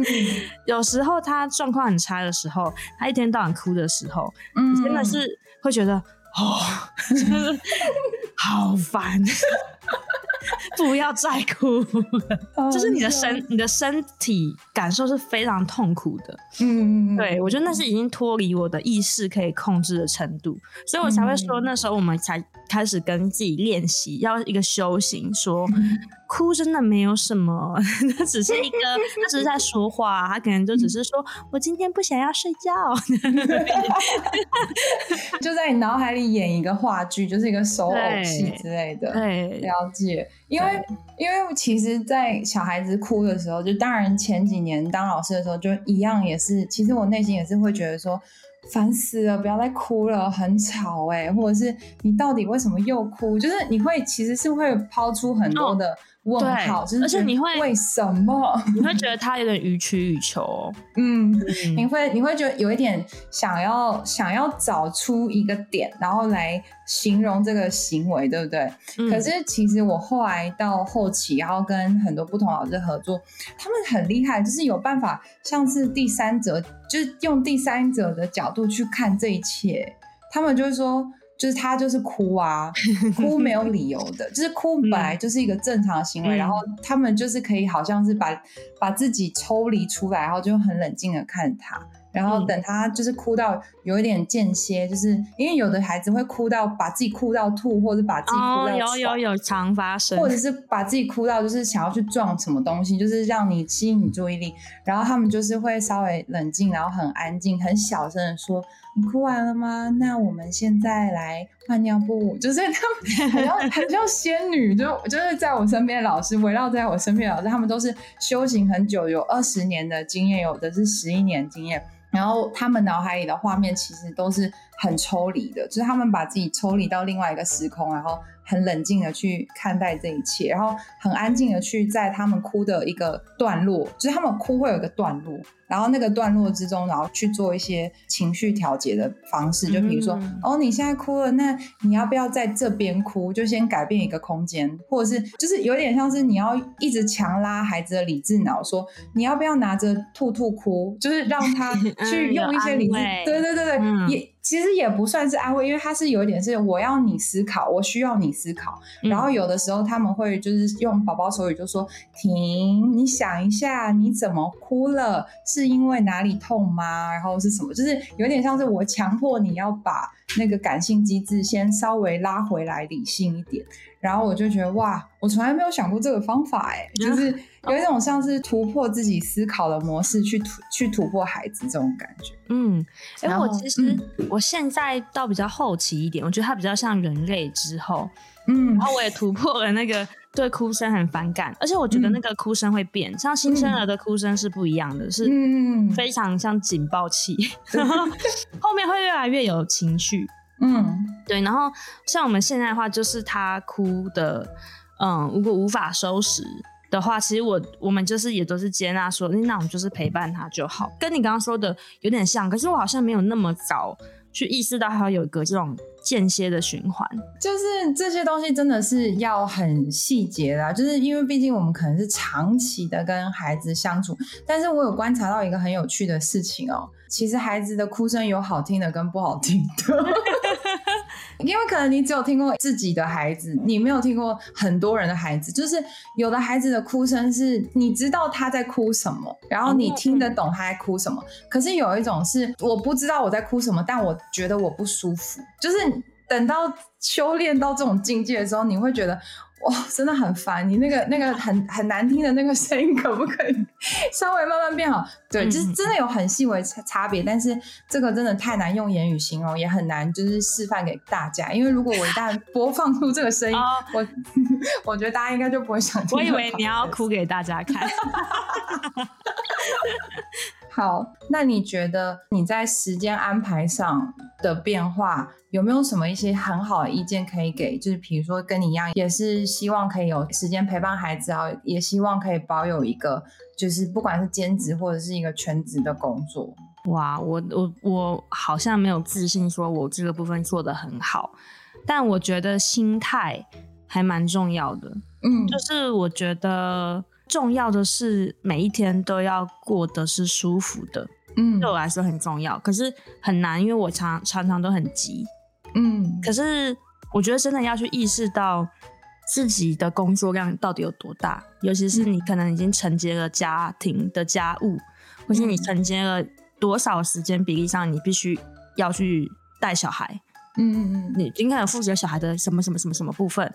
有時候他狀況很差的時候，他一天到晚哭的時候，嗯、真的是會覺得哦，就是好煩。 不要再哭了，oh, 就是你的身、yes. 你的身體感受是非常痛苦的。嗯、mm，hmm. 對，我覺得那是已經脫離我的意識可以控制的程度，所以我才會說那時候我們才開始跟自己練習，要一個修行，說、mm hmm. 哭真的沒有什麼，那只是一個，他只是在說話，他可能就只是說 我今天不想要睡覺， 就在你腦海裡演一個話劇，就是一個手偶戲之類的，對。對了解，因為對因為其實，在小孩子哭的時候，就當然前幾年當老師的時候，就一樣也是，其實我內心也是會覺得說煩死了，不要再哭了，很吵哎、欸，或者是你到底為什麼又哭？就是你會其實是會拋出很多的。哦問好，而且你會為什麼？你會覺得他有點予取予求、哦？ 嗯，你會你會覺得有一點想要想要找出一個點，然後來形容這個行為，對不對？嗯、可是其實我後來到後期，然後跟很多不同老師合作，他們很厲害，就是有辦法像是第三者，就是用第三者的角度去看這一切，他們就是說。就是他就是哭啊，哭沒有理由的。 就是哭本來就是一個正常的行為，嗯、然後他們就是可以好像是把把自己抽離出來，然後就很冷靜的看他，然後等他就是哭到有一點間歇，就是因為有的孩子會哭到把自己哭到吐，或者是把自己哭到、哦、有有有常發生，或者是把自己哭到就是想要去撞什麼東西，就是讓你吸引你注意力，然後他們就是會稍微冷靜，然後很安靜、很小聲的說。哭完了嗎？那我們現在來換尿布，就是他們很像很像仙女，就就是在我身邊的老師，圍繞在我身邊的老師，他們都是修行很久，有二十年的經驗，有的是十一年的經驗。然後他們腦海裡的畫面其實都是很抽離的，就是他們把自己抽離到另外一個時空，然後很冷靜的去看待這一切，然後很安靜的去在他們哭的一個段落，就是他們哭會有一個段落，然後那個段落之中，然後去做一些情緒調節的方式，就比如說，嗯、哦，你現在哭了，那你要不要在這邊哭？就先改變一個空間，或者是就是有點像是你要一直強拉孩子的理智腦說，說你要不要拿着兔兔哭，就是讓他。 去用一些理智，嗯、對對對對，也、嗯。Yeah. 其實也不算是安慰，因為他是有一點是我要你思考，我需要你思考。嗯、然後有的時候他們會就是用寶寶手語就說停，你想一下你怎麼哭了，是因為哪裡痛嗎？然後是什麼？就是有點像是我強迫你要把那個感性機製先稍微拉回來理性一點。然後我就覺得哇，我從來沒有想過這個方法哎、欸，就是有一種像是突破自己思考的模式去突去突破孩子這種感覺。嗯，然後因為我其實、嗯、我現在到比較後期一點，我覺得它比較像人類之後，嗯，然後我也突破了那個對哭聲很反感，而且我覺得那個哭聲會變，嗯、像新生兒的哭聲是不一樣的，嗯、是非常像警報器，嗯、 後，後面會越來越有情緒，嗯，嗯，對，然後像我們現在的話，就是他哭的，嗯，如果無法收拾。的話，其實我我們就是也都是接納說，那我們就是陪伴他就好，跟你剛剛說的有點像。可是我好像沒有那麼早去意識到，還要有一個這種間歇的循環。就是這些東西真的是要很細節的，就是因為畢竟我們可能是長期的跟孩子相處。但是我有觀察到一個很有趣的事情哦、喔，其實孩子的哭聲有好聽的跟不好聽的。 因為可能你只有聽過自己的孩子，你沒有聽過很多人的孩子。就是有的孩子的哭聲是，你知道他在哭什麼，然後你聽得懂他在哭什麼。Okay. 可是有一種是，我不知道我在哭什麼，但我覺得我不舒服。就是等到修煉到這種境界的時候，你會覺得。哇、哦，真的很煩！你那個、那個很很難聽的那個聲音，可不可以稍微慢慢變好？對，就是真的有很細微差差別，嗯、哼但是這個真的太難用言語形容，哦，也很難就是示範給大家。因為如果我一旦播放出這個聲音， 我 我覺得大家應該就不會想聽。我以為你要哭給大家看。 好，那你覺得你在時間安排上的變化有沒有什麼一些很好的意見可以給？就是比如說跟你一樣，也是希望可以有時間陪伴孩子啊，也希望可以保有一個，就是不管是兼職或者是一個全職的工作。哇，我我我好像沒有自信說我這個部分做得很好，但我覺得心態還蠻重要的。嗯，就是我覺得。重要的是每一天都要過得是舒服的，嗯，對我來說很重要。可是很難，因為我常常常都很急，嗯。可是我覺得真的要去意識到自己的工作量到底有多大，尤其是你可能已經承接了家庭的家務，嗯、或是你承接了多少時間比例上，你必須要去帶小孩，嗯嗯嗯，你已經開始負責小孩的什麼什麼什麼什麼部分。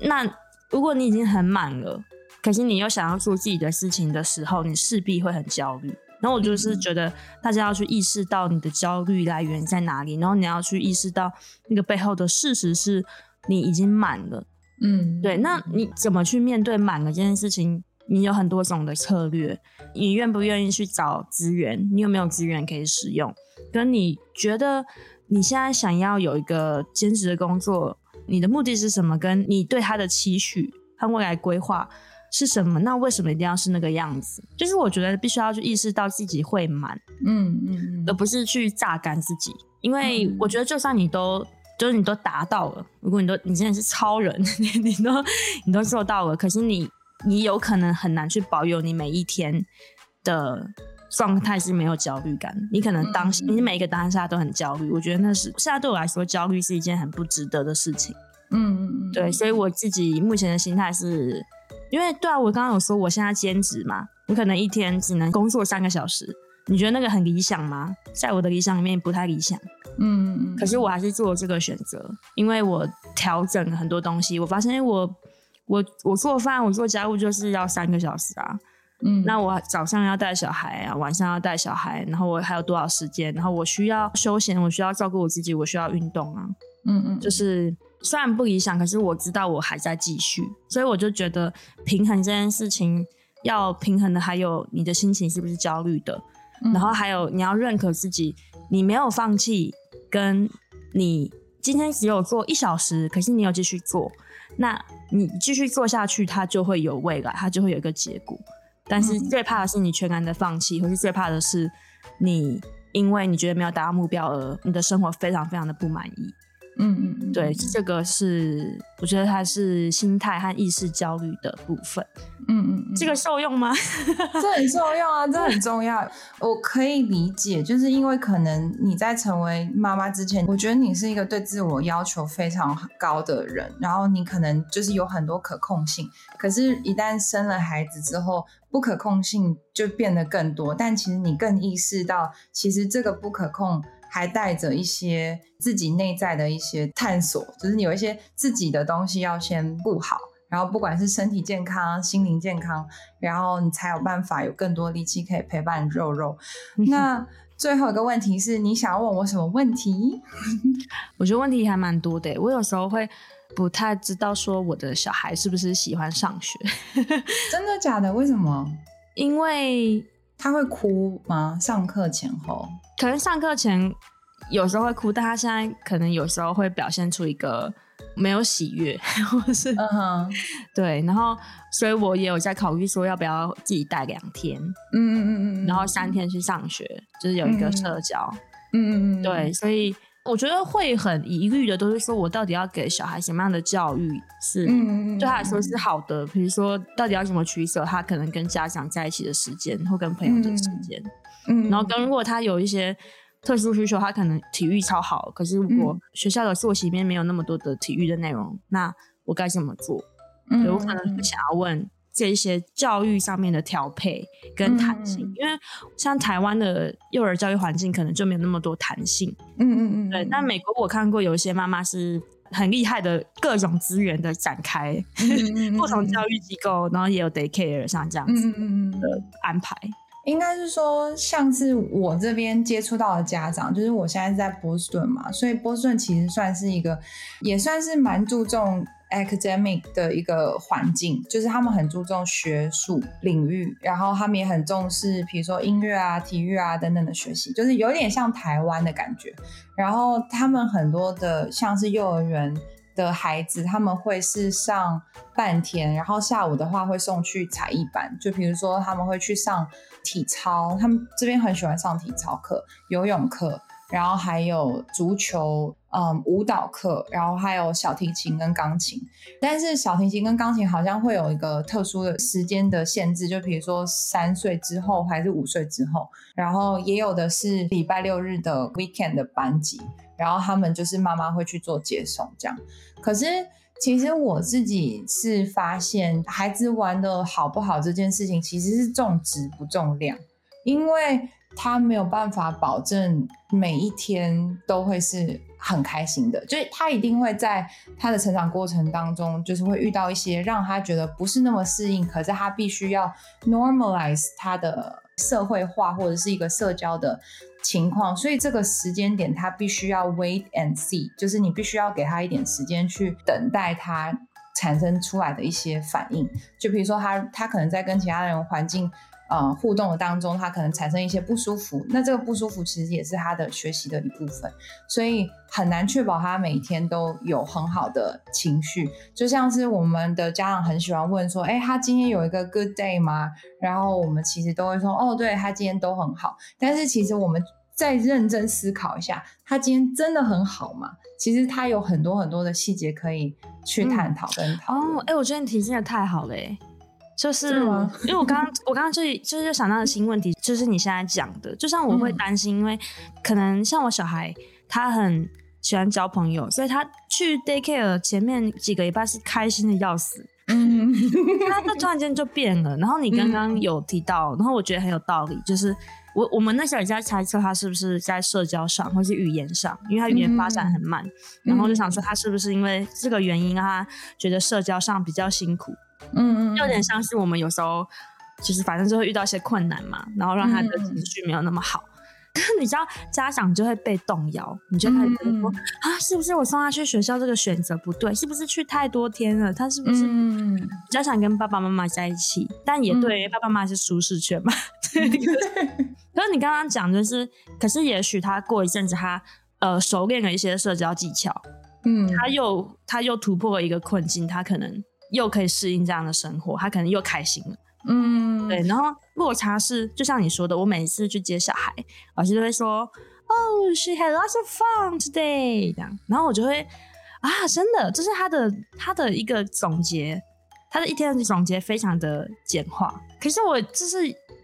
那如果你已經很滿了。可是你又想要做自己的事情的時候，你勢必會很焦慮。然後我就是覺得，大家要去意識到你的焦慮來源在哪裡，然後你要去意識到那個背後的事實是你已經滿了。嗯，對。那你怎麼去面對滿了這件事情？你有很多種的策略。你願不願意去找資源？你有沒有資源可以使用？跟你覺得你現在想要有一個兼職的工作，你的目的是什麼？跟你對他的期許和未來規劃。是什麼？那為什麼一定要是那個樣子？就是我覺得必須要去意識到自己會滿、嗯，嗯嗯嗯，而不是去榨乾自己。因為我覺得，就算你都、嗯、就是你都達到了，如果你都你現在是超人，你都你都做到了，可是你你有可能很難去保有你每一天的狀態是沒有焦慮感。你可能當時，嗯、你每一個當下都很焦慮。我覺得那是現在對我來說，焦慮是一件很不值得的事情。嗯嗯嗯，對，所以我自己目前的心態是。因為對啊，我剛剛有說我現在兼職嘛，我可能一天只能工作三個小時，你覺得那個很理想嗎？在我的理想裡面不太理想，嗯嗯嗯。可是我還是做了這個選擇，因為我調整了很多東西，我發現我我我做飯，我做家務就是要三個小時啊，嗯。那我早上要帶小孩啊，晚上要帶小孩，然後我還有多少時間？然後我需要休閒，我需要照顧我自己，我需要運動啊，嗯嗯，就是。雖然不理想，可是我知道我還在繼續，所以我就覺得平衡這件事情要平衡的還有你的心情是不是焦慮的，然後還有你要認可自己，你沒有放棄，跟你今天只有做一小時，可是你有繼續做，那你繼續做下去，它就會有未來，它就會有一個結果。但是最怕的是你全然的放棄，或是最怕的是你因為你覺得沒有達到目標，而你的生活非常非常的不滿意。嗯,嗯嗯，對，這個是，我覺得它是心態和意識焦慮的部分。嗯,嗯嗯，這個受用嗎？ 這很受用啊，這很重要。 我可以理解，就是因為可能你在成為媽媽之前，我覺得你是一個對自我要求非常高的人，然後你可能就是有很多可控性，可是，一旦生了孩子之後，不可控性就變得更多。但其實你更意識到，其實這個不可控。還帶着一些自己內在的一些探索，就是你有一些自己的東西要先布好，然後不管是身體健康、心靈健康，然後你才有辦法有更多力氣可以陪伴肉肉。嗯、哼那最後一個問題是，你想問我什麼問題？我覺得問題還蠻多的，我有時候會不太知道說我的小孩是不是喜歡上學。 真的假的？為什麼？因為。他會哭嗎？上課前後，可能上課前有時候會哭，但他現在可能有時候會表現出一個沒有喜悅，或者是、uh huh. 對。然後，所以我也有在考慮說，要不要自己帶兩天，嗯嗯嗯嗯，hmm. 然後三天去上學，就是有一個社交，嗯嗯嗯，hmm. 對，所以。我覺得會很疑慮的，都是說我到底要給小孩什麼樣的教育是對他來說是好的？比如說，到底要怎麼取捨他可能跟家長在一起的時間，或跟朋友的時間？嗯嗯，然後跟如果他有一些特殊需求，他可能體育超好，可是如果學校的作息裡面沒有那麼多的體育的內容，那我該怎麼做？嗯嗯嗯，所以我可能想要問。這些教育上面的調配跟彈性，嗯、因為像台灣的幼兒教育環境可能就沒有那麼多彈性。嗯嗯嗯，嗯對。嗯、但美國我看過，有一些媽媽是很厲害的，各種資源的展開，嗯嗯、 不同教育機構，然後也有 daycare 像這樣子的安排。嗯嗯嗯嗯、應該是說，像是我這邊接觸到的家長，就是我現在是在波士頓嘛，所以波士頓其實算是一個，也算是蠻注重。academic 的一個環境，就是他們很注重學術領域，然後他們也很重視，比如說音樂啊、體育啊等等的學習，就是有點像台灣的感覺。然後他們很多的，像是幼兒園的孩子，他們會是上半天，然後下午的話會送去才藝班，就比如說他們會去上體操，他們這邊很喜歡上體操課、游泳課，然後還有足球，嗯，舞蹈課，然後還有小提琴跟鋼琴。但是小提琴跟鋼琴好像會有一個特殊的時間的限制，就比如說三歲之後還是五歲之後。然後也有的是禮拜六日的 weekend 的班級，然後他們就是媽媽會去做接送這樣。可是其實我自己是發現，孩子玩得好不好這件事情，其實是重質不重量，因為，他沒有辦法保證每一天都會是很開心的，就是他一定會在他的成長過程當中，就是會遇到一些讓他覺得不是那麼適應，可是他必須要 normalize 他的社會化或者是一個社交的情況，所以這個時間點他必須要 wait and see，就是你必須要給他一點時間去等待他產生出來的一些反應，就比如說他，他可能在跟其他人的環境。呃、嗯，互動的當中，他可能產生一些不舒服，那這個不舒服其實也是他的學習的一部分，所以很難確保他每天都有很好的情緒。就像是我們的家長很喜歡問說，哎、欸，他今天有一個 good day 嗎？然後我們其實都會說，哦，對，他今天都很好。但是其實我們再認真思考一下，他今天真的很好嗎？其實他有很多很多的細節可以去探討跟討論、嗯、哦，哎、欸，我覺得你提醒的太好了、欸。就是，是嗎？因為我剛剛 我剛剛就就是就想到了新問題，就是你現在講的，就像我會擔心，嗯、因為可能像我小孩，他很喜歡交朋友，所以他去 daycare 前面幾個禮拜是開心的要死，嗯，那那突然間就變了。然後你剛剛有提到，嗯、然後我覺得很有道理，就是我我們那小孩家猜測他是不是在社交上或是語言上，因為他語言發展很慢，嗯、然後就想說他是不是因為這個原因，他覺得社交上比較辛苦。嗯，嗯，嗯，有點像是我們有時候，就是反正就會遇到一些困難嘛，然後讓他的情緒沒有那麼好。嗯、你知道，家長就會被動搖，你就開始覺得說嗯嗯啊，是不是我送他去學校這個選擇不對？是不是去太多天了？他是不是嗯比較想跟爸爸媽媽在一起？但也對，爸爸媽媽是舒適圈嘛。嗯、對。就是、 可是你剛剛講就是，可是也許他過一陣子他，他呃，熟練了一些社交技巧，嗯，他又他又突破了一個困境，他可能。又可以適應這樣的生活，他可能又開心了。嗯，對。然後落差是，就像你說的，我每次去接小孩，老師都會說：“Oh, she had lots of fun today。”這樣，然後我就會啊，真的，這是他的他的一個總結，他的一天總結非常的簡化。可是我就是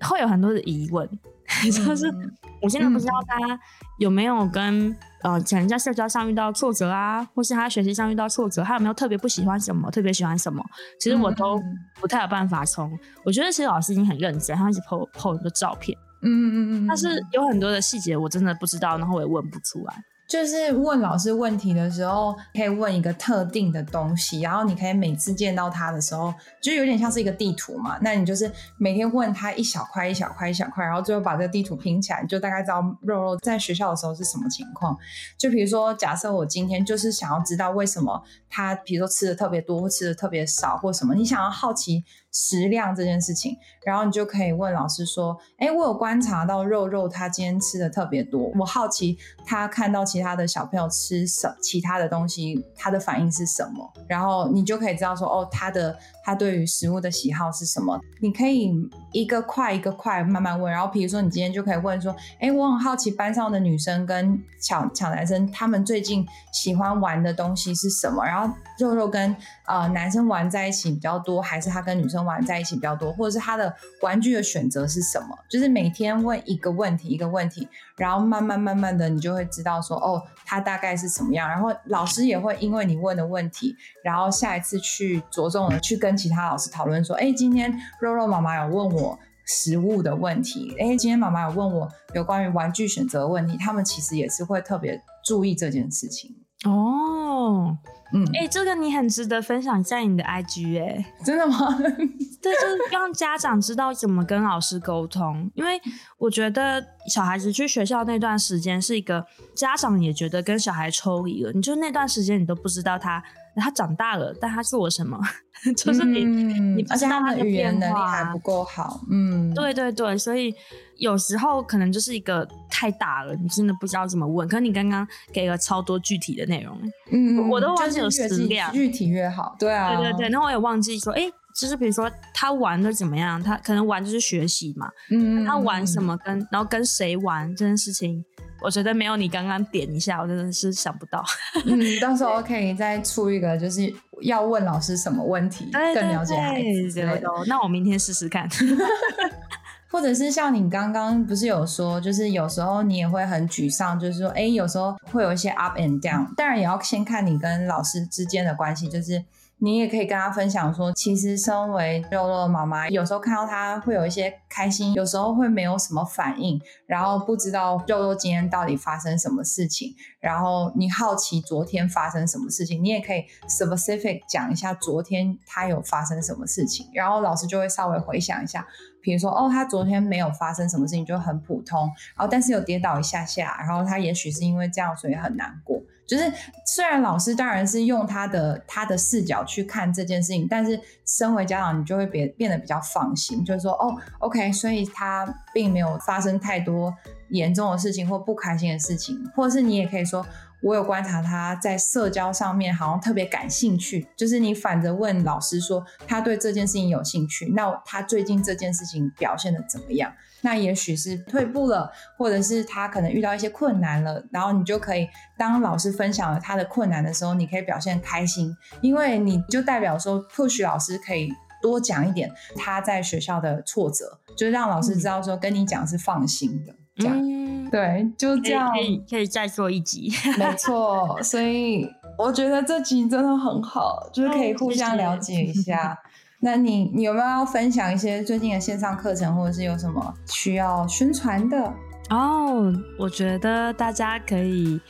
會有很多的疑問，嗯、 就是我現在不知道他有沒有跟。呃，可能在社交上遇到挫折啊，或是他學習上遇到挫折，他有沒有特別不喜歡什麼，特別喜歡什麼？其實我都不太有辦法從。我覺得其實老師已經很認真，他一起拍 o 一個照片，嗯嗯嗯嗯，但是有很多的細節我真的不知道，然後我也問不出來。就是問老師問題的時候，可以問一個特定的東西，然後你可以每次見到他的時候，就有點像是一個地圖嘛。那你就是每天問他一小塊、一小塊、一小塊，然後最後把這個地圖拼起來，就大概知道肉肉在學校的時候是什麼情況。就比如說，假設我今天就是想要知道為什麼他，比如說吃的特別多，或吃的特別少，或什麼，你想要好奇。食量這件事情，然後你就可以問老師說：“哎、欸，我有觀察到肉肉他今天吃的特別多，我好奇他看到其他的小朋友吃什其他的東西，他的反應是什麼？”然後你就可以知道說：“哦，他的。”他對於食物的喜好是什麼？你可以一個快一個快慢慢問，然後比如說你今天就可以問說，哎，我很好奇班上的女生跟搶搶男生，他們最近喜歡玩的東西是什麼？然後肉肉跟呃男生玩在一起比較多，還是他跟女生玩在一起比較多？或者是他的玩具的選擇是什麼？就是每天問一個問題一個問題，然後慢慢慢慢的你就會知道說，哦，他大概是什麼樣？然後老師也會因為你問的問題，然後下一次去着重的去跟。其他老師討論說：“哎、欸，今天肉肉媽媽有問我食物的問題。哎、欸，今天媽媽有問我有關於玩具選擇問題。他們其實也是會特別注意這件事情。哦，嗯，哎、欸，這個你很值得分享一下你的 IG、欸。哎，真的嗎？ 對，就是讓家長知道怎麼跟老師溝通。因為我覺得小孩子去學校那段時間是一個家長也覺得跟小孩抽離了，你就那段時間你都不知道他。”他長大了，但他做什麼？嗯、 就是你，你不知道他的他的語言能力還不夠好。嗯，對對對，所以有時候可能就是一個太大了，你真的不知道怎麼問。可是你剛剛給了超多具體的內容，嗯，我都忘記有死量越，具體越好，對啊，對對對。然後我也忘記說，哎、欸。就是比如說他玩的怎麼樣，他可能玩就是學習嘛。嗯，他玩什麼跟、嗯、然後跟誰玩這件事情，我覺得沒有你剛剛點一下，我真的是想不到。嗯， 對到時候可以、OK，再出一個，就是要問老師什麼問題，對對對對，更了解孩子之類的，對對對。那我明天試試看。 或者是像你剛剛不是有說，就是有時候你也會很沮喪，就是說哎、欸，有時候會有一些 up and down、嗯。當然也要先看你跟老師之間的關係，就是。你也可以跟他分享說，其實身為肉肉的媽媽，有時候看到他會有一些開心，有時候會沒有什麼反應，然後不知道肉肉今天到底發生什麼事情，然後你好奇昨天發生什麼事情，你也可以 specific 講一下昨天他有發生什麼事情，然後老師就會稍微回想一下，比如說哦，他昨天沒有發生什麼事情，就很普通，然後但是有跌倒一下下，然後他也許是因為這樣所以很難過。就是，雖然老師當然是用他的他的視角去看這件事情，但是身為家長，你就會變變得比較放心，就是說，哦，OK，所以他並沒有發生太多嚴重的事情或不開心的事情，或是你也可以說。我有觀察他在社交上面好像特別感興趣，就是你反着問老師說他對這件事情有興趣，那他最近這件事情表現得怎麼樣？那也許是退步了，或者是他可能遇到一些困難了，然後你就可以當老師分享了他的困難的時候，你可以表現開心，因為你就代表說或許老師可以多講一點他在學校的挫折，就讓老師知道說跟你講是放心的，嗯、這樣。對，就這樣。可以，可以可以，再做一集， 沒錯。所以我覺得這集真的很好，就是可以互相了解一下。哦，謝謝。那你，你有沒有要分享一些最近的線上課程，或者是有什麼需要宣傳的？哦，我覺得大家可以。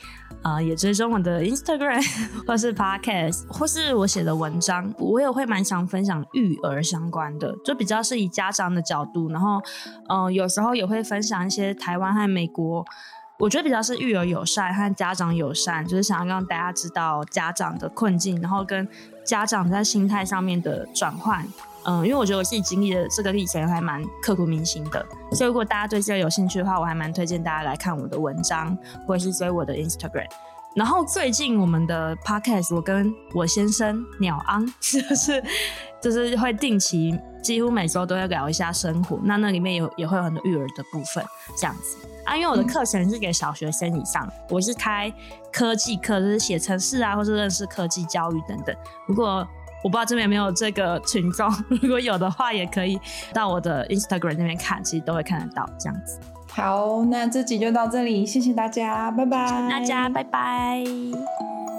啊、呃，也追蹤我的 Instagram 或是 Podcast 或是我寫的文章，我也會蠻想分享育兒相關的，就比較是以家長的角度，然後，嗯、呃，有時候也會分享一些台灣和美國，我覺得比較是育兒友善和家長友善，就是想要讓大家知道家長的困境，然後跟家長在心態上面的轉換。嗯，因為我覺得我自己經歷的這個歷程還蠻刻骨銘心的，所以如果大家對這個有興趣的話，我還蠻推薦大家來看我的文章，或者是追我的 Instagram。然後最近我們的 podcast，我跟我先生鳥昂，就是就是會定期，幾乎每週都要聊一下生活，那那裡面有也，也會有很多育兒的部分，這樣子啊。因為我的課程是給小學生以上，嗯，我是開科技課，就是寫程式啊，或是認識科技教育等等。如果我不知道這邊有沒有這個群眾，如果有的話，也可以到我的 Instagram 那邊看，其實都會看得到這樣子。好，那這集就到這裡，謝謝大家，拜拜。謝謝大家，拜拜。Bye bye